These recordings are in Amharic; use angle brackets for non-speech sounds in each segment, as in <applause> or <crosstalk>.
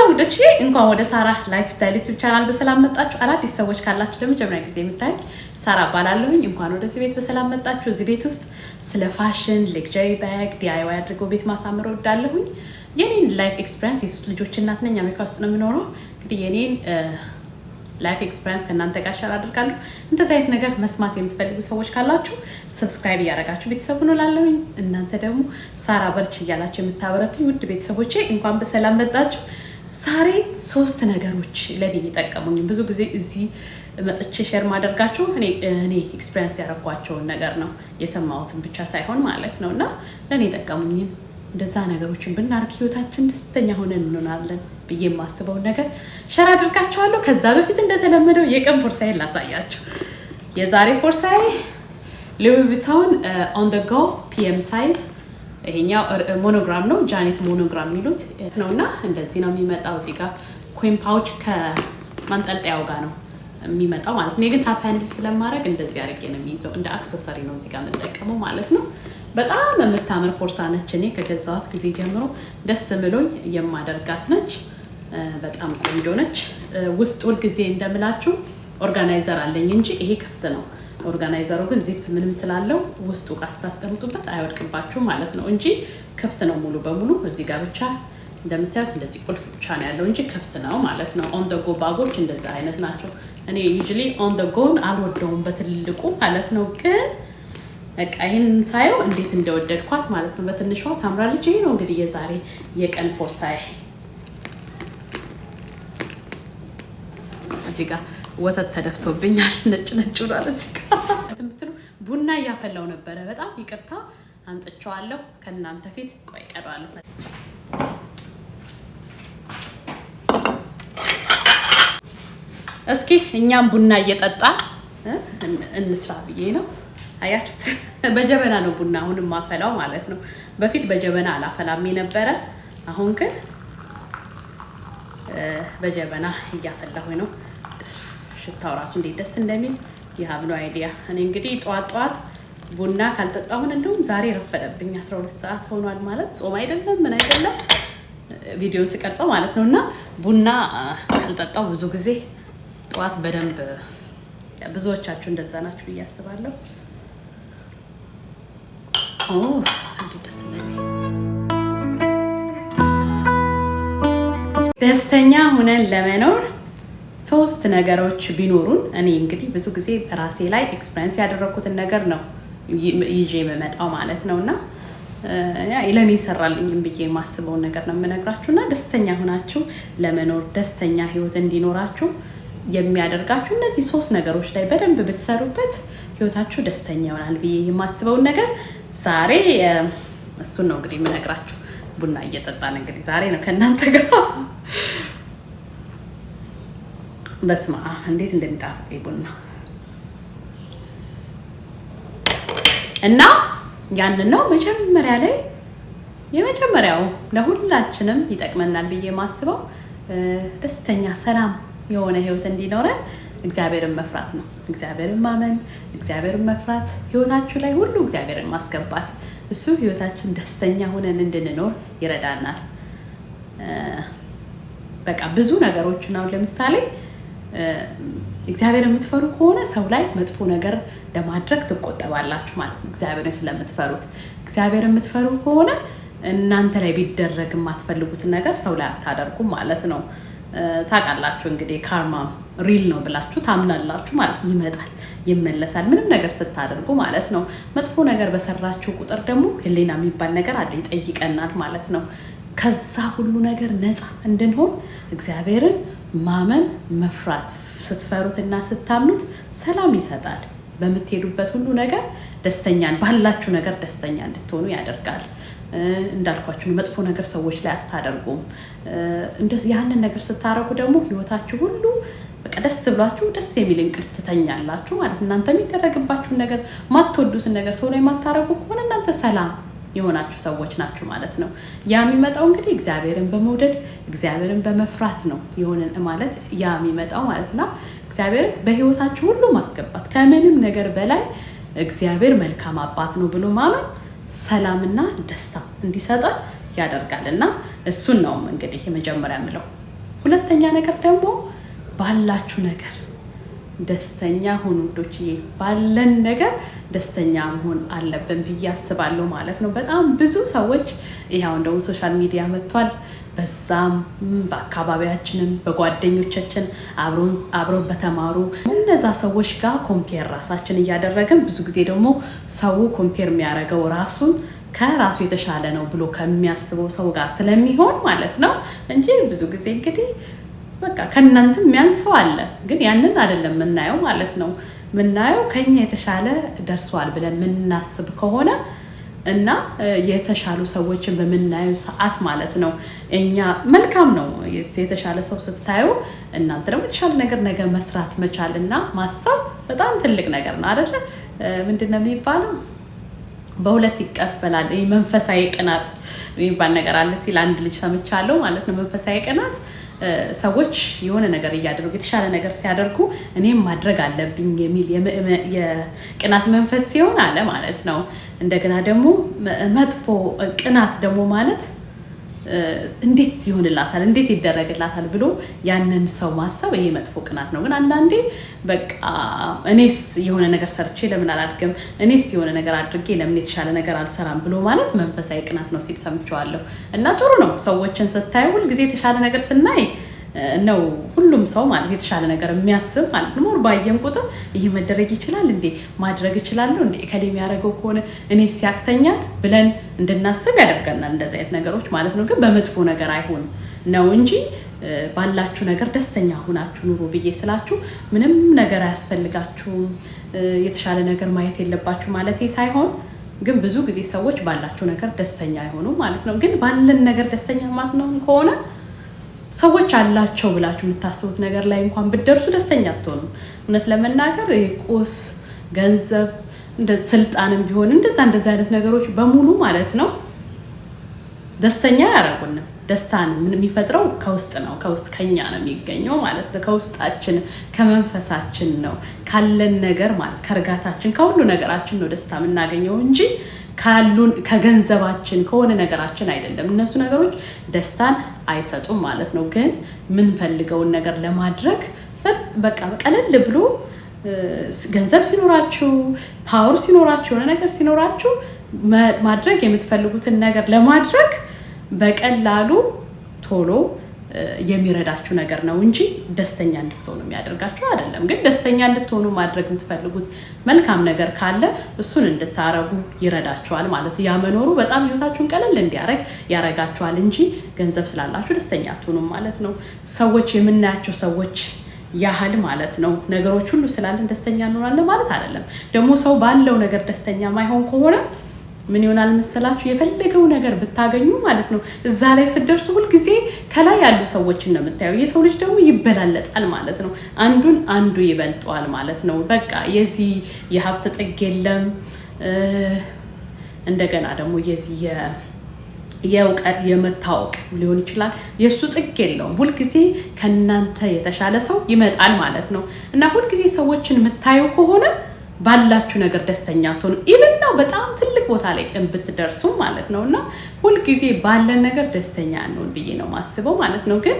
ሰላም እንኳን ወደ ሳራ ላይፍ ስታይል ዩቲዩብ ቻናል በሰላም መጣችሁ። አዳዲስ ሰዎች ካላችሁ ለመጀመሪያ ጊዜ የምታይ ሳራ እባላለሁኝ። እንኳን ወደዚህ ቤት በሰላም መጣችሁ። እዚህ ቤት ውስጥ ስለ ፋሽን፣ ሌክጀሪ ባግ፣ ዲአይዋይ አድርጎ ቤት ማሳመር ወዳለሁኝ። የኔን ላይፍ ኤክስፒሪንስ የሶስት ልጆች እናት ነኝ። አሜሪካ ውስጥ ነው የምኖረው። እንግዲህ የኔን ላይፍ ኤክስፒሪንስ ከእናንተ ጋር ሸር አድርጋለሁ። እንደዚህ አይነት ነገር መስማት የምትፈልጉ ሰዎች ካላችሁ ሰብስክራይብ እያደረጋችሁ ቤተሰቡ ነው ላለሁኝ። እናንተ ደግሞ ሳራ በርች እያላችሁ የምታበረቱኝ ውድ ቤተሰቦቼ እንኳን በሰላም መጣችሁ። ዛሬ ሶስት ነገሮች ለኔ የጠቀሙኝ ብዙ ጊዜ እዚህ መጥቼ ሼር ማደርጋቸው እኔ ኤክስፔሪንስ ያደረኳቸውን ነገር ነው የሰማሁትን ብቻ ሳይሆን ማለት ነው። እና ለእኔ የጠቀሙኝን እንደዛ ነገሮችን ብናርግ ህይወታችን ደስተኛ ሆነን እንሆናለን ብዬ የማስበውን ነገር ሸር አድርጋቸዋለሁ። ከዛ በፊት እንደተለመደው የቀን ፎርሳዬን ላሳያቸው። የዛሬ ፎርሳይ ሉዊ ቪታውን ኦን ጎ ፒኤም ሳይት ይሄኛው ሞኖግራም ነው፣ ጃኔት ሞኖግራም የሚሉት ነው። እና እንደዚህ ነው የሚመጣው። እዚህ ጋር ኮይን ፓውች ከማንጠልጠያው ጋር ነው የሚመጣው ማለት ነው። ግን ታፕ ሃንድል ስለማድረግ እንደዚህ አድርጌ ነው የሚይዘው። እንደ አክሰሰሪ ነው እዚህ ጋር የምጠቀመው ማለት ነው። በጣም የምታምር ቦርሳ ነች። እኔ ከገዛዋት ጊዜ ጀምሮ ደስ ምሎኝ የማደርጋት ነች። በጣም ቆንጆ ነች። ውስጥ ሁልጊዜ እንደምላችሁ ኦርጋናይዘር አለኝ እንጂ ይሄ ክፍት ነው። ኦርጋናይዘሩ ግን ዚፕ ምንም ስላለው ውስጡ እቃ ስታስቀምጡበት አይወድቅባችሁ ማለት ነው እንጂ ክፍት ነው ሙሉ በሙሉ እዚህ ጋር ብቻ እንደምታዩት እንደዚህ ቁልፍ ብቻ ነው ያለው እንጂ ክፍት ነው ማለት ነው። ኦን ደ ጎ ባጎች እንደዚህ አይነት ናቸው። እኔ ዩዥሊ ኦን ደ ጎን አልወደውም በትልልቁ ማለት ነው። ግን በቃ ይህን ሳየው እንዴት እንደወደድኳት ማለት ነው። በትንሿ ታምራለች። ይሄ ነው እንግዲህ የዛሬ የቀን ቦርሳዬ እዚህ ጋር ወተት ተደፍቶብኛል። <laughs> ነጭ ነጭ ብሏል። የምትሉ ቡና እያፈላው ነበረ። በጣም ይቅርታ አምጥቼዋለሁ ከእናንተ ፊት። ቆይ ቀረዋለሁ። እስኪ እኛም ቡና እየጠጣ እንስራ ብዬ ነው። አያችሁት? <laughs> በጀበና ነው ቡና አሁንም ማፈላው ማለት ነው። በፊት በጀበና አላፈላም የነበረ አሁን ግን በጀበና እያፈላሁ ነው። ሽታው ራሱ እንዴት ደስ እንደሚል ይሀብ ነው አይዲያ። እኔ እንግዲህ ጠዋት ጠዋት ቡና ካልጠጣሁን እንደውም ዛሬ ረፈደብኝ። 12 ሰዓት ሆኗል ማለት ጾም አይደለም ምን አይደለም ቪዲዮ ስቀርጸው ማለት ነው። እና ቡና ካልጠጣው ብዙ ጊዜ ጠዋት በደንብ ብዙዎቻችሁ እንደዛ ናችሁ ብዬ አስባለሁ። ደስተኛ ሆነን ለመኖር ሶስት ነገሮች ቢኖሩን እኔ እንግዲህ ብዙ ጊዜ በራሴ ላይ ኤክስፐሪንስ ያደረግኩትን ነገር ነው ይዤ የምመጣው ማለት ነው እና ለእኔ ይሰራልኝም ብዬ የማስበውን ነገር ነው የምነግራችሁ እና ደስተኛ ሆናችሁ ለመኖር ደስተኛ ህይወት እንዲኖራችሁ የሚያደርጋችሁ እነዚህ ሶስት ነገሮች ላይ በደንብ ብትሰሩበት ህይወታችሁ ደስተኛ ይሆናል ብዬ የማስበውን ነገር ዛሬ እሱን ነው እንግዲህ የምነግራችሁ። ቡና እየጠጣን እንግዲህ ዛሬ ነው ከእናንተ ጋር በስማ እንዴት እንደሚጣፍጥ ቡና እና ያንን ነው መጀመሪያ ላይ የመጀመሪያው ለሁላችንም ይጠቅመናል ብዬ የማስበው ደስተኛ ሰላም የሆነ ህይወት እንዲኖረን እግዚአብሔርን መፍራት ነው። እግዚአብሔርን ማመን፣ እግዚአብሔርን መፍራት፣ ህይወታችሁ ላይ ሁሉ እግዚአብሔርን ማስገባት፣ እሱ ህይወታችን ደስተኛ ሆነን እንድንኖር ይረዳናል። በቃ ብዙ ነገሮችን አሁን ለምሳሌ እግዚአብሔር የምትፈሩ ከሆነ ሰው ላይ መጥፎ ነገር ለማድረግ ትቆጠባላችሁ ማለት ነው። እግዚአብሔርን ስለምትፈሩት እግዚአብሔር የምትፈሩ ከሆነ እናንተ ላይ ቢደረግ የማትፈልጉትን ነገር ሰው ላይ አታደርጉም ማለት ነው። ታውቃላችሁ እንግዲህ ካርማ ሪል ነው ብላችሁ ታምናላችሁ ማለት ይመጣል፣ ይመለሳል። ምንም ነገር ስታደርጉ ማለት ነው። መጥፎ ነገር በሰራችሁ ቁጥር ደግሞ ህሊና የሚባል ነገር አለ፣ ይጠይቀናል ማለት ነው። ከዛ ሁሉ ነገር ነፃ እንድንሆን እግዚአብሔርን ማመን መፍራት፣ ስትፈሩትና ስታምኑት ሰላም ይሰጣል። በምትሄዱበት ሁሉ ነገር ደስተኛ ባላችሁ ነገር ደስተኛ እንድትሆኑ ያደርጋል። እንዳልኳችሁ መጥፎ ነገር ሰዎች ላይ አታደርጉም። እንደዚህ ያንን ነገር ስታረጉ ደግሞ ህይወታችሁ ሁሉ በቃ ደስ ብሏችሁ ደስ የሚል እንቅልፍ ትተኛላችሁ ማለት እናንተ የሚደረግባችሁን ነገር ማትወዱትን ነገር ሰው ላይ ማታረጉ ከሆነ እናንተ ሰላም የሆናችሁ ሰዎች ናችሁ ማለት ነው። ያ የሚመጣው እንግዲህ እግዚአብሔርን በመውደድ እግዚአብሔርን በመፍራት ነው የሆንን ማለት ያ የሚመጣው ማለት ና እግዚአብሔርን በህይወታችሁ ሁሉ ማስገባት ከምንም ነገር በላይ እግዚአብሔር መልካም አባት ነው ብሎ ማመን ሰላምና ደስታ እንዲሰጠን ያደርጋል እና እሱን ነው እንግዲህ የመጀመሪያ ምለው። ሁለተኛ ነገር ደግሞ ባላችሁ ነገር ደስተኛ ሁኑ ውዶችዬ። ባለን ነገር ደስተኛ መሆን አለብን ብዬ አስባለሁ ማለት ነው። በጣም ብዙ ሰዎች ይኸው እንደውም ሶሻል ሚዲያ መጥቷል። በዛም በአካባቢያችንም በጓደኞቻችን አብረው በተማሩ እነዛ ሰዎች ጋር ኮምፔር ራሳችን እያደረግን ብዙ ጊዜ ደግሞ ሰው ኮምፔር የሚያደርገው ራሱን ከራሱ የተሻለ ነው ብሎ ከሚያስበው ሰው ጋር ስለሚሆን ማለት ነው እንጂ ብዙ ጊዜ እንግዲህ በቃ ከእናንተ የሚያንስ ሰው አለ፣ ግን ያንን አይደለም የምናየው ማለት ነው። የምናየው ከኛ የተሻለ ደርሰዋል ብለን የምናስብ ከሆነ እና የተሻሉ ሰዎችን በምናየው ሰዓት ማለት ነው እኛ መልካም ነው የተሻለ ሰው ስታዩ፣ እናንተ ደግሞ የተሻለ ነገር ነገ መስራት መቻል እና ማሰብ በጣም ትልቅ ነገር ነው አደለ? ምንድን ነው የሚባለው? በሁለት ይቀበላል። መንፈሳዊ ቅናት የሚባል ነገር አለ ሲል አንድ ልጅ ሰምቻለሁ ማለት ነው መንፈሳዊ ቅናት ሰዎች የሆነ ነገር እያደረጉ የተሻለ ነገር ሲያደርጉ እኔም ማድረግ አለብኝ የሚል የቅናት መንፈስ ሲሆን አለ ማለት ነው። እንደገና ደግሞ መጥፎ ቅናት ደግሞ ማለት እንዴት ይሆንላታል፣ እንዴት ይደረግላታል ብሎ ያንን ሰው ማሰብ ይሄ መጥፎ ቅናት ነው። ግን አንዳንዴ በቃ እኔስ የሆነ ነገር ሰርቼ ለምን አላድግም፣ እኔስ የሆነ ነገር አድርጌ ለምን የተሻለ ነገር አልሰራም ብሎ ማለት መንፈሳዊ ቅናት ነው ሲል ሰምቼዋለሁ። እና ጥሩ ነው ሰዎችን ስታይ ሁልጊዜ የተሻለ ነገር ስናይ ነው ሁሉም ሰው ማለት የተሻለ ነገር የሚያስብ ማለት ነው። ባየን ቁጥር ይህ መደረግ ይችላል እንዴ ማድረግ እችላለሁ እንዴ እከሌ የሚያደርገው ከሆነ እኔ ሲያቅተኛል ብለን እንድናስብ ያደርገናል። እንደዚህ አይነት ነገሮች ማለት ነው። ግን በመጥፎ ነገር አይሆን ነው እንጂ ባላችሁ ነገር ደስተኛ ሆናችሁ ኑሮ ብዬ ስላችሁ ምንም ነገር አያስፈልጋችሁም፣ የተሻለ ነገር ማየት የለባችሁ ማለት ሳይሆን ግን ብዙ ጊዜ ሰዎች ባላችሁ ነገር ደስተኛ አይሆኑም ማለት ነው። ግን ባለን ነገር ደስተኛ ማለት ነው ከሆነ ሰዎች አላቸው ብላችሁ የምታስቡት ነገር ላይ እንኳን ብደርሱ ደስተኛ አትሆኑም። እውነት ለመናገር ቁስ፣ ገንዘብ፣ ስልጣንም ቢሆን እንደዛ እንደዚ አይነት ነገሮች በሙሉ ማለት ነው ደስተኛ አያረጉንም። ደስታን የሚፈጥረው ከውስጥ ነው። ከውስጥ ከኛ ነው የሚገኘው ማለት ነው። ከውስጣችን ከመንፈሳችን ነው ካለን ነገር ማለት ከእርጋታችን ከሁሉ ነገራችን ነው ደስታ የምናገኘው እንጂ ካሉን ከገንዘባችን ከሆነ ነገራችን አይደለም። እነሱ ነገሮች ደስታን አይሰጡም ማለት ነው። ግን የምንፈልገውን ነገር ለማድረግ በቃ ቀለል ብሎ ገንዘብ ሲኖራችሁ፣ ፓወር ሲኖራችሁ፣ የሆነ ነገር ሲኖራችሁ ማድረግ የምትፈልጉትን ነገር ለማድረግ በቀላሉ ቶሎ የሚረዳችሁ ነገር ነው እንጂ ደስተኛ እንድትሆኑ የሚያደርጋችሁ አይደለም። ግን ደስተኛ እንድትሆኑ ማድረግ የምትፈልጉት መልካም ነገር ካለ እሱን እንድታረጉ ይረዳችኋል ማለት ያ መኖሩ በጣም ህይወታችሁን ቀለል እንዲያደረግ ያረጋችኋል እንጂ ገንዘብ ስላላችሁ ደስተኛ አትሆኑም ማለት ነው። ሰዎች የምናያቸው ሰዎች ያህል ማለት ነው። ነገሮች ሁሉ ስላለን ደስተኛ እንሆናለን ማለት አይደለም። ደግሞ ሰው ባለው ነገር ደስተኛ ማይሆን ከሆነ ምን ይሆናል መሰላችሁ? የፈለገው ነገር ብታገኙ ማለት ነው እዛ ላይ ስደርሱ ሁልጊዜ ከላይ ያሉ ሰዎችን ነው የምታየው። የሰው ልጅ ደግሞ ይበላለጣል ማለት ነው። አንዱን አንዱ ይበልጠዋል ማለት ነው። በቃ የዚህ የሀብት ጥግ የለም። እንደገና ደግሞ የዚህ የእውቀት የመታወቅ ሊሆን ይችላል። የእሱ ጥግ የለውም። ሁልጊዜ ከእናንተ የተሻለ ሰው ይመጣል ማለት ነው እና ሁልጊዜ ሰዎችን የምታየው ከሆነ ባላችሁ ነገር ደስተኛ ትሆኑ። ኢቭን ነው በጣም ትልቅ ቦታ ላይ ብትደርሱ ማለት ነው። እና ሁልጊዜ ባለን ነገር ደስተኛ እንሁን ብዬ ነው ማስበው ማለት ነው። ግን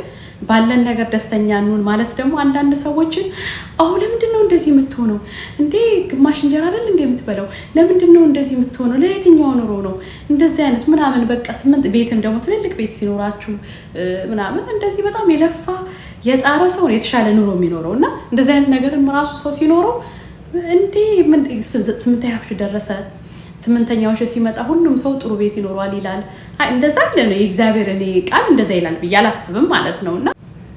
ባለን ነገር ደስተኛ እንሁን ማለት ደግሞ አንዳንድ ሰዎችን አሁ ለምንድን ነው እንደዚህ የምትሆነው እንዴ? ግማሽ እንጀራ አይደል እንዴ የምትበላው ለምንድን ነው እንደዚህ የምትሆነው? ለየትኛው ኑሮ ነው እንደዚህ አይነት ምናምን በቃ ስምንት ቤትም ደግሞ ትልልቅ ቤት ሲኖራችሁ ምናምን እንደዚህ በጣም የለፋ የጣረ ሰው የተሻለ ኑሮ የሚኖረው እና እንደዚህ አይነት ነገርም ራሱ ሰው ሲኖረው እንዴ ስምንተኛዎቹ ደረሰ። ስምንተኛዎች ሲመጣ ሁሉም ሰው ጥሩ ቤት ይኖረዋል ይላል። እንደዛ አይለ ነው የእግዚአብሔር እኔ ቃል እንደዛ ይላል ብዬ አላስብም ማለት ነው። እና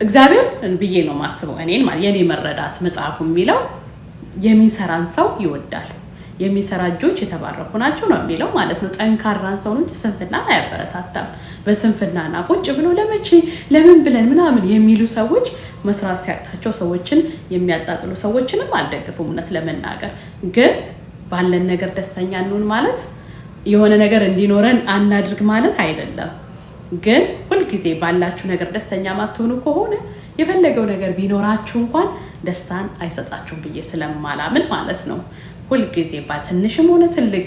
እግዚአብሔር ብዬ ነው ማስበው እኔን የኔ መረዳት መጽሐፉ የሚለው የሚሰራን ሰው ይወዳል። የሚሰራ እጆች የተባረኩ ናቸው ነው የሚለው ማለት ነው። ጠንካራን ሰውን እንጂ ስንፍናን አያበረታታም። በስንፍናና ቁጭ ብሎ ለመቼ ለምን ብለን ምናምን የሚሉ ሰዎች መስራት ሲያቅታቸው ሰዎችን የሚያጣጥሉ ሰዎችንም አልደግፉም። እውነት ለመናገር ግን ባለን ነገር ደስተኛ እንሁን ማለት የሆነ ነገር እንዲኖረን አናድርግ ማለት አይደለም። ግን ሁልጊዜ ባላችሁ ነገር ደስተኛ ማትሆኑ ከሆነ የፈለገው ነገር ቢኖራችሁ እንኳን ደስታን አይሰጣችሁም ብዬ ስለማላምን ማለት ነው። ሁልጊዜ ባትንሽም ሆነ ትልቅ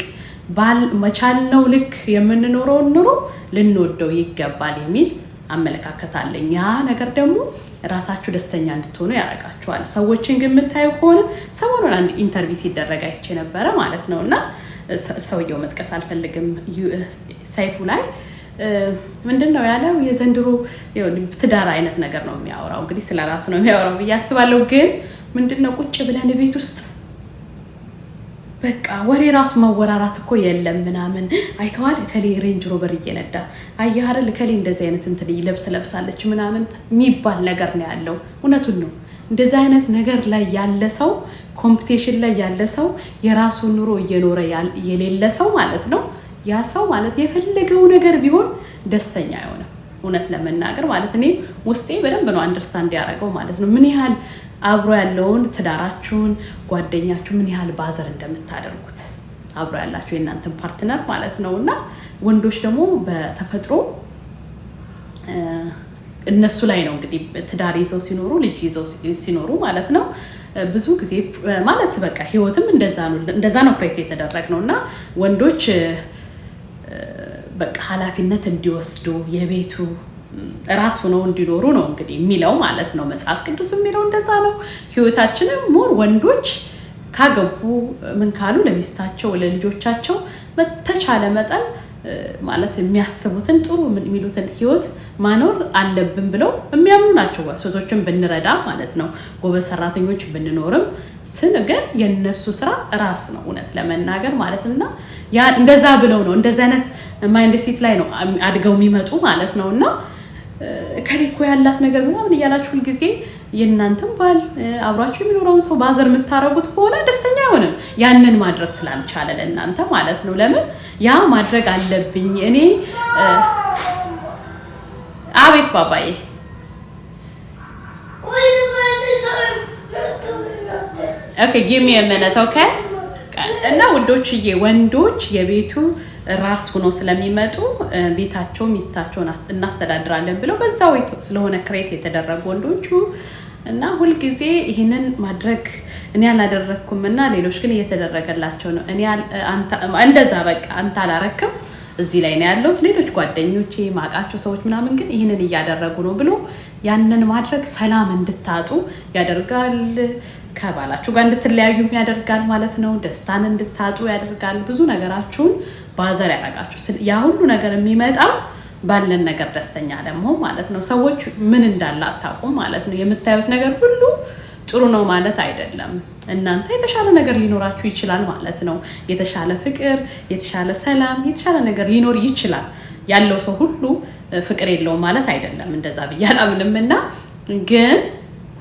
መቻልነው ልክ የምንኖረውን ኑሮ ልንወደው ይገባል የሚል አመለካከት አለኝ። ያ ነገር ደግሞ ራሳችሁ ደስተኛ እንድትሆኑ ያደርጋችኋል። ሰዎችን ግን የምታዩ ከሆነ ሰሞኑን አንድ ኢንተርቪው ሲደረግ አይቼ ነበረ ማለት ነው እና ሰውየው መጥቀስ አልፈልግም ሰይፉ ላይ ምንድን ነው ያለው? የዘንድሮ ትዳር አይነት ነገር ነው የሚያወራው። እንግዲህ ስለ ራሱ ነው የሚያወራው ብዬ አስባለሁ። ግን ምንድን ነው ቁጭ ብለን ቤት ውስጥ በቃ ወሬ ራሱ ማወራራት እኮ የለም ምናምን አይተዋል። እከሌ ሬንጅ ሮቨር እየነዳ አየህ አይደል፣ እከሌ እንደዚህ አይነት እንትን ልብስ ለብሳለች ምናምን የሚባል ነገር ነው ያለው። እውነቱን ነው። እንደዚህ አይነት ነገር ላይ ያለ ሰው፣ ኮምፒቴሽን ላይ ያለ ሰው፣ የራሱ ኑሮ እየኖረ የሌለ ሰው ማለት ነው። ያ ሰው ማለት የፈለገው ነገር ቢሆን ደስተኛ አይሆንም። እውነት ለመናገር ማለት እኔ ውስጤ በደንብ ነው አንደርስታንድ ያደረገው ማለት ነው ምን ያህል አብሮ ያለውን ትዳራችሁን፣ ጓደኛችሁ ምን ያህል ባዘር እንደምታደርጉት አብሮ ያላችሁ የእናንተን ፓርትነር ማለት ነው። እና ወንዶች ደግሞ በተፈጥሮ እነሱ ላይ ነው እንግዲህ ትዳር ይዘው ሲኖሩ ልጅ ይዘው ሲኖሩ ማለት ነው ብዙ ጊዜ ማለት በቃ ህይወትም እንደዛ ነው ክሬት የተደረግ ነው እና ወንዶች በቃ ኃላፊነት እንዲወስዱ የቤቱ ራስ ሆነው እንዲኖሩ ነው እንግዲህ የሚለው ማለት ነው። መጽሐፍ ቅዱስ የሚለው እንደዛ ነው። ህይወታችንም ሞር ወንዶች ካገቡ ምን ካሉ ለሚስታቸው ለልጆቻቸው በተቻለ መጠን ማለት የሚያስቡትን ጥሩ የሚሉትን ህይወት ማኖር አለብን ብለው የሚያምኑ ናቸው። ሴቶችን ብንረዳ ማለት ነው፣ ጎበዝ ሰራተኞች ብንኖርም ስን ግን የነሱ ስራ ራስ ነው እውነት ለመናገር ማለት እና እንደዛ ብለው ነው እንደዚ አይነት ማይንድ ሴት ላይ ነው አድገው የሚመጡ ማለት ነው እና ከሌ እኮ ያላት ነገር ምናምን እያላችሁ ሁልጊዜ የእናንተም ባል አብሯችሁ የሚኖረውን ሰው ባዘር የምታረጉት ከሆነ ደስተኛ አይሆንም። ያንን ማድረግ ስላልቻለ ለእናንተ ማለት ነው። ለምን ያ ማድረግ አለብኝ እኔ። አቤት ባባዬ ኦኬ የመነተው ከ ኦኬ እና ውዶችዬ ወንዶች የቤቱ ራስ ሆነው ስለሚመጡ ቤታቸው ሚስታቸውን እናስተዳድራለን ብለው በዛው ስለሆነ ክሬት የተደረጉ ወንዶቹ እና ሁልጊዜ ይህንን ማድረግ እኔ አላደረግኩም እና ሌሎች ግን እየተደረገላቸው ነው። እንደዛ በቃ አንተ አላረክም እዚህ ላይ ነው ያለሁት፣ ሌሎች ጓደኞቼ ማቃቸው ሰዎች ምናምን ግን ይህንን እያደረጉ ነው ብሎ ያንን ማድረግ ሰላም እንድታጡ ያደርጋል። ከባላችሁ ጋር እንድትለያዩም ያደርጋል ማለት ነው። ደስታን እንድታጡ ያደርጋል። ብዙ ነገራችሁን ባዘር ያደረጋችሁ። ያ ሁሉ ነገር የሚመጣው ባለን ነገር ደስተኛ ለመሆን ማለት ነው። ሰዎች ምን እንዳለ አታውቁም ማለት ነው። የምታዩት ነገር ሁሉ ጥሩ ነው ማለት አይደለም። እናንተ የተሻለ ነገር ሊኖራችሁ ይችላል ማለት ነው። የተሻለ ፍቅር፣ የተሻለ ሰላም፣ የተሻለ ነገር ሊኖር ይችላል። ያለው ሰው ሁሉ ፍቅር የለውም ማለት አይደለም። እንደዛ ብዬ አላምንም እና ግን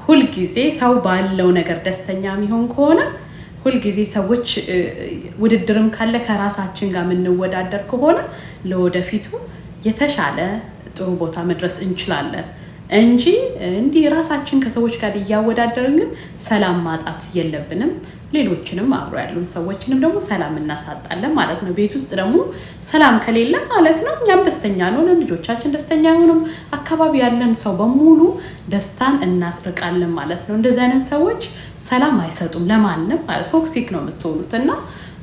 ሁልጊዜ ሰው ባለው ነገር ደስተኛ የሚሆን ከሆነ ሁልጊዜ ሰዎች ውድድርም ካለ ከራሳችን ጋር የምንወዳደር ከሆነ ለወደፊቱ የተሻለ ጥሩ ቦታ መድረስ እንችላለን እንጂ እንዲህ ራሳችን ከሰዎች ጋር እያወዳደርን ግን ሰላም ማጣት የለብንም። ሌሎችንም አብሮ ያሉን ሰዎችንም ደግሞ ሰላም እናሳጣለን ማለት ነው። ቤት ውስጥ ደግሞ ሰላም ከሌለ ማለት ነው እኛም ደስተኛ አልሆንም፣ ልጆቻችን ደስተኛ አይሆንም፣ አካባቢ ያለን ሰው በሙሉ ደስታን እናስርቃለን ማለት ነው። እንደዚህ አይነት ሰዎች ሰላም አይሰጡም ለማንም ማለት ቶክሲክ ነው የምትሆኑት እና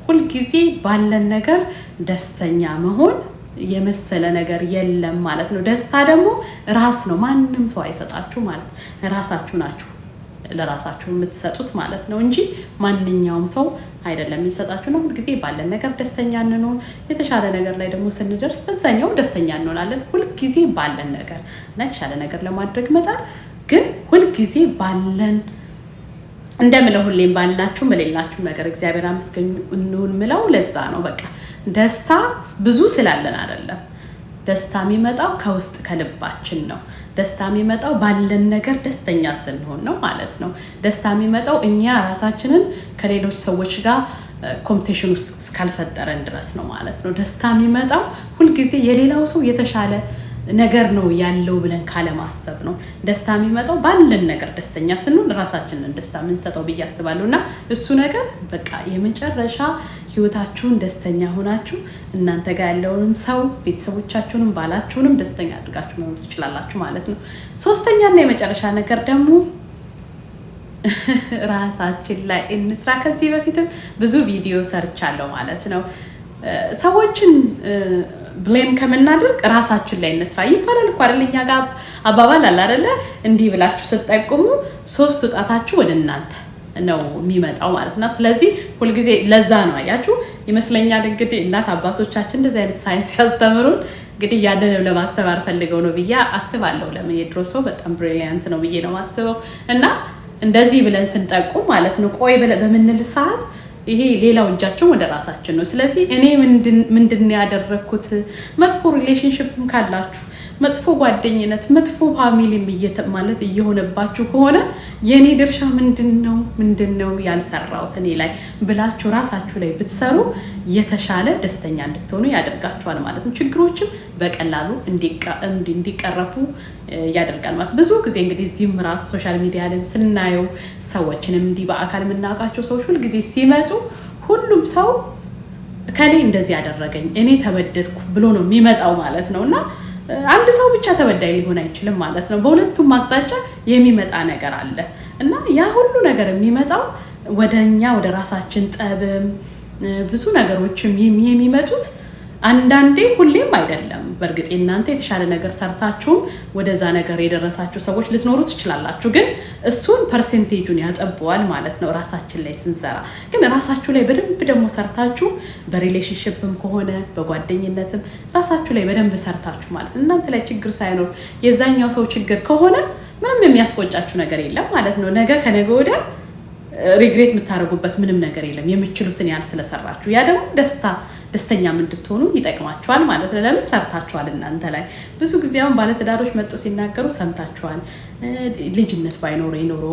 ሁልጊዜ ባለን ነገር ደስተኛ መሆን የመሰለ ነገር የለም ማለት ነው። ደስታ ደግሞ ራስ ነው፣ ማንም ሰው አይሰጣችሁ ማለት ራሳችሁ ናችሁ። ለራሳችሁ የምትሰጡት ማለት ነው እንጂ ማንኛውም ሰው አይደለም የሚሰጣችሁ ነው። ሁልጊዜ ባለን ነገር ደስተኛ እንሆን። የተሻለ ነገር ላይ ደግሞ ስንደርስ በዛኛው ደስተኛ እንሆናለን። ሁልጊዜ ባለን ነገር እና የተሻለ ነገር ለማድረግ መጣር ግን ሁልጊዜ ባለን እንደምለው ሁሌም ባላችሁ በሌላችሁም ነገር እግዚአብሔር አመስገኝ እንሁን ምለው ለዛ ነው። በቃ ደስታ ብዙ ስላለን አይደለም። ደስታ የሚመጣው ከውስጥ ከልባችን ነው። ደስታ የሚመጣው ባለን ነገር ደስተኛ ስንሆን ነው ማለት ነው። ደስታ የሚመጣው እኛ ራሳችንን ከሌሎች ሰዎች ጋር ኮምፒቴሽን ውስጥ እስካልፈጠረን ድረስ ነው ማለት ነው። ደስታ የሚመጣው ሁልጊዜ የሌላው ሰው የተሻለ ነገር ነው ያለው ብለን ካለማሰብ ነው። ደስታ የሚመጣው ባለን ነገር ደስተኛ ስንሆን ራሳችንን ደስታ የምንሰጠው ብዬ አስባለሁ። እና እሱ ነገር በቃ የመጨረሻ ህይወታችሁን ደስተኛ ሆናችሁ እናንተ ጋር ያለውንም ሰው ቤተሰቦቻችሁንም ባላችሁንም ደስተኛ አድርጋችሁ መኖር ትችላላችሁ ማለት ነው። ሶስተኛና የመጨረሻ ነገር ደግሞ <laughs> ራሳችን ላይ እንስራ። ከዚህ በፊትም ብዙ ቪዲዮ ሰርቻለሁ ማለት ነው ሰዎችን ብሌም ከምናደርግ ራሳችን ላይ እንስራ ይባላል እኮ አይደለ? እኛ ጋር አባባል አለ አይደለ? እንዲህ ብላችሁ ስትጠቁሙ ሶስት ጣታችሁ ወደ እናንተ ነው የሚመጣው ማለት ነው ስለዚህ ሁልጊዜ ለዛ ነው አያችሁ ይመስለኛል እንግዲህ እናት አባቶቻችን እንደዚህ አይነት ሳይንስ ያስተምሩን እንግዲህ ያንን ለማስተማር ፈልገው ነው ብዬ አስባለሁ። ለምን የድሮ ሰው በጣም ብሪሊያንት ነው ብዬ ነው ማስበው እና እንደዚህ ብለን ስንጠቁም ማለት ነው ቆይ በምንል ሰዓት ይሄ ሌላው እጃችን ወደ ራሳችን ነው። ስለዚህ እኔ ምንድን ያደረግኩት መጥፎ ሪሌሽንሽፕም ካላችሁ መጥፎ ጓደኝነት፣ መጥፎ ፋሚሊም ማለት እየሆነባችሁ ከሆነ የእኔ ድርሻ ምንድን ነው ምንድን ነው ያልሰራሁት እኔ ላይ ብላችሁ ራሳችሁ ላይ ብትሰሩ የተሻለ ደስተኛ እንድትሆኑ ያደርጋችኋል ማለት ነው። ችግሮችም በቀላሉ እንዲቀረፉ ያደርጋል ማለት ብዙ ጊዜ እንግዲህ እዚህም ራሱ ሶሻል ሚዲያ ላይ ስናየው ሰዎችንም እንዲህ በአካል የምናውቃቸው ሰዎች ሁልጊዜ ሲመጡ ሁሉም ሰው ከኔ እንደዚህ ያደረገኝ እኔ ተበደድኩ ብሎ ነው የሚመጣው ማለት ነው እና አንድ ሰው ብቻ ተበዳይ ሊሆን አይችልም ማለት ነው። በሁለቱም አቅጣጫ የሚመጣ ነገር አለ እና ያ ሁሉ ነገር የሚመጣው ወደ እኛ ወደ ራሳችን ጠብም ብዙ ነገሮችም የሚመጡት አንዳንዴ ሁሌም አይደለም። በእርግጥ እናንተ የተሻለ ነገር ሰርታችሁም ወደዛ ነገር የደረሳችሁ ሰዎች ልትኖሩ ትችላላችሁ። ግን እሱን ፐርሴንቴጁን ያጠበዋል ማለት ነው። ራሳችን ላይ ስንሰራ ግን ራሳችሁ ላይ በደንብ ደግሞ ሰርታችሁ በሪሌሽንሽፕም ከሆነ በጓደኝነትም ራሳችሁ ላይ በደንብ ሰርታችሁ ማለት እናንተ ላይ ችግር ሳይኖር የዛኛው ሰው ችግር ከሆነ ምንም የሚያስቆጫችሁ ነገር የለም ማለት ነው። ነገ ከነገ ወዲያ ሪግሬት የምታደርጉበት ምንም ነገር የለም፣ የምችሉትን ያህል ስለሰራችሁ። ያ ደግሞ ደስታ ደስተኛም እንድትሆኑ ይጠቅማችኋል ማለት ነው። ለምን ሰርታችኋል እናንተ ላይ ብዙ ጊዜ አሁን ባለትዳሮች መጥተው ሲናገሩ ሰምታችኋል። ልጅነት ባይኖረ ኖሮ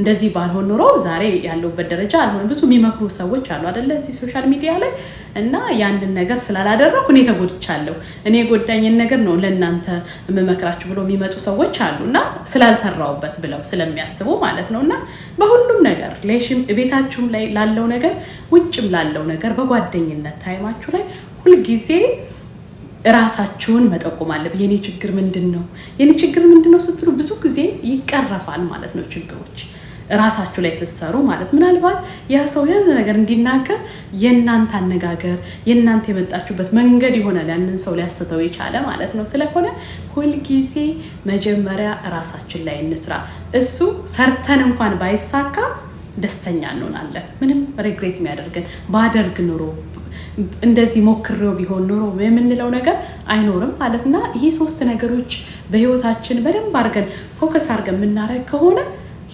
እንደዚህ ባልሆን ኖሮ ዛሬ ያለውበት ደረጃ አልሆነ። ብዙ የሚመክሩ ሰዎች አሉ አደለ እዚህ ሶሻል ሚዲያ ላይ እና ያንን ነገር ስላላደረኩ እኔ ተጎድቻለሁ። እኔ የጎዳኝን ነገር ነው ለእናንተ የምመክራችሁ ብሎ የሚመጡ ሰዎች አሉ እና ስላልሰራውበት ብለው ስለሚያስቡ ማለት ነው እና በሁሉም ነገር ቤታችሁም ላይ ላለው ነገር፣ ውጭም ላለው ነገር፣ በጓደኝነት ታይማችሁ ላይ ሁልጊዜ ራሳችሁን መጠቆም አለብ። የኔ ችግር ምንድን ነው? የኔ ችግር ምንድን ነው ስትሉ ብዙ ጊዜ ይቀረፋል ማለት ነው ችግሮች እራሳችሁ ላይ ስትሰሩ ማለት ምናልባት ያ ሰው የሆነ ነገር እንዲናገር የእናንተ አነጋገር የእናንተ የመጣችሁበት መንገድ ይሆናል ያንን ሰው ሊያስተው የቻለ ማለት ነው። ስለሆነ ሁልጊዜ መጀመሪያ እራሳችን ላይ እንስራ። እሱ ሰርተን እንኳን ባይሳካ ደስተኛ እንሆናለን። ምንም ሬግሬት የሚያደርገን ባደርግ ኑሮ እንደዚህ ሞክሬው ቢሆን ኑሮ የምንለው ነገር አይኖርም ማለት እና ይህ ሶስት ነገሮች በህይወታችን በደንብ አድርገን ፎከስ አድርገን የምናደርግ ከሆነ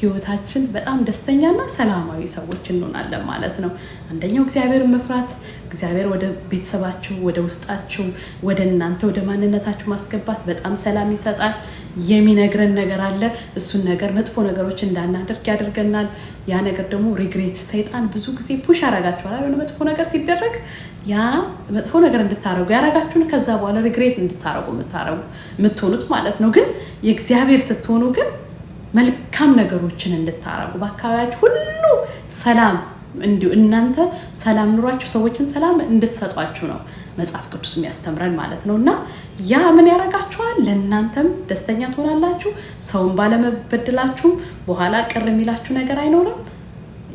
ህይወታችን በጣም ደስተኛና ሰላማዊ ሰዎች እንሆናለን ማለት ነው። አንደኛው እግዚአብሔር መፍራት፣ እግዚአብሔር ወደ ቤተሰባችሁ፣ ወደ ውስጣችሁ፣ ወደ እናንተ ወደ ማንነታችሁ ማስገባት በጣም ሰላም ይሰጣል። የሚነግረን ነገር አለ። እሱን ነገር መጥፎ ነገሮች እንዳናደርግ ያደርገናል። ያ ነገር ደግሞ ሪግሬት፣ ሰይጣን ብዙ ጊዜ ፑሽ ያረጋችኋል። የሆነ መጥፎ ነገር ሲደረግ ያ መጥፎ ነገር እንድታረጉ ያረጋችሁን ከዛ በኋላ ሪግሬት እንድታረጉ የምትሆኑት ማለት ነው። ግን የእግዚአብሔር ስትሆኑ ግን መልካም ነገሮችን እንድታረጉ በአካባቢያችሁ ሁሉ ሰላም እንዲሁ እናንተ ሰላም ኑሯችሁ ሰዎችን ሰላም እንድትሰጧችሁ ነው መጽሐፍ ቅዱስ የሚያስተምረን ማለት ነው። እና ያ ምን ያደርጋችኋል? ለእናንተም ደስተኛ ትሆናላችሁ። ሰውን ባለመበድላችሁ በኋላ ቅር የሚላችሁ ነገር አይኖርም።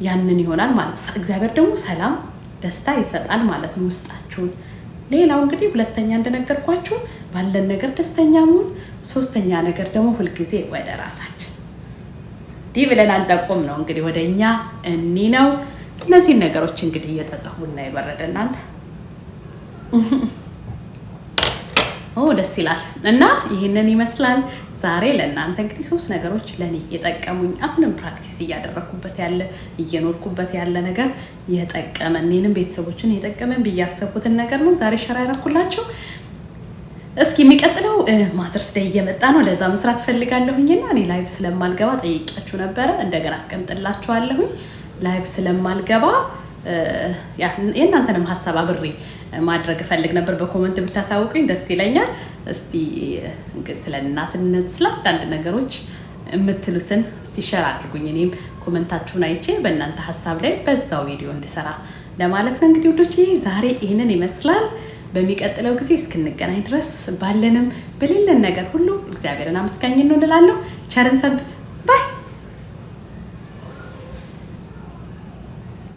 ያንን ይሆናል ማለት እግዚአብሔር ደግሞ ሰላም፣ ደስታ ይሰጣል ማለት ነው ውስጣችሁን። ሌላው እንግዲህ ሁለተኛ እንደነገርኳችሁ ባለን ነገር ደስተኛ መሆን፣ ሶስተኛ ነገር ደግሞ ሁልጊዜ ወደ ራሳችን እንዲህ ብለን አንጠቁም ነው እንግዲህ ወደ እኛ እኒ ነው። እነዚህን ነገሮች እንግዲህ እየጠጣሁ ቡና የበረደ እናንተ ደስ ይላል እና ይህንን ይመስላል ዛሬ ለእናንተ እንግዲህ ሶስት ነገሮች ለእኔ የጠቀሙኝ አሁንም ፕራክቲስ እያደረግኩበት ያለ እየኖርኩበት ያለ ነገር የጠቀመ እኔንም ቤተሰቦችን የጠቀመን ብዬ ያሰብኩትን ነገር ነው ዛሬ ሸራ ያደረኩላቸው። እስኪ የሚቀጥለው ማዘርስ ደይ እየመጣ ነው። ለዛ መስራት ፈልጋለሁኝና እኔ ላይቭ ስለማልገባ ጠይቂያችሁ ነበረ። እንደገና አስቀምጥላችኋለሁኝ። ላይቭ ስለማልገባ የእናንተንም ሀሳብ አብሬ ማድረግ እፈልግ ነበር። በኮመንት ብታሳውቁኝ ደስ ይለኛል። እስቲ ስለ እናትነት፣ ስለ አንዳንድ ነገሮች የምትሉትን እስቲ ሸር አድርጉኝ። እኔም ኮመንታችሁን አይቼ በእናንተ ሀሳብ ላይ በዛው ቪዲዮ እንድሰራ ለማለት ነው። እንግዲህ ውዶች ዛሬ ይህንን ይመስላል። በሚቀጥለው ጊዜ እስክንገናኝ ድረስ ባለንም በሌለን ነገር ሁሉ እግዚአብሔርን አመስጋኝ እንሆንላለሁ። ቸርን ሰንብት።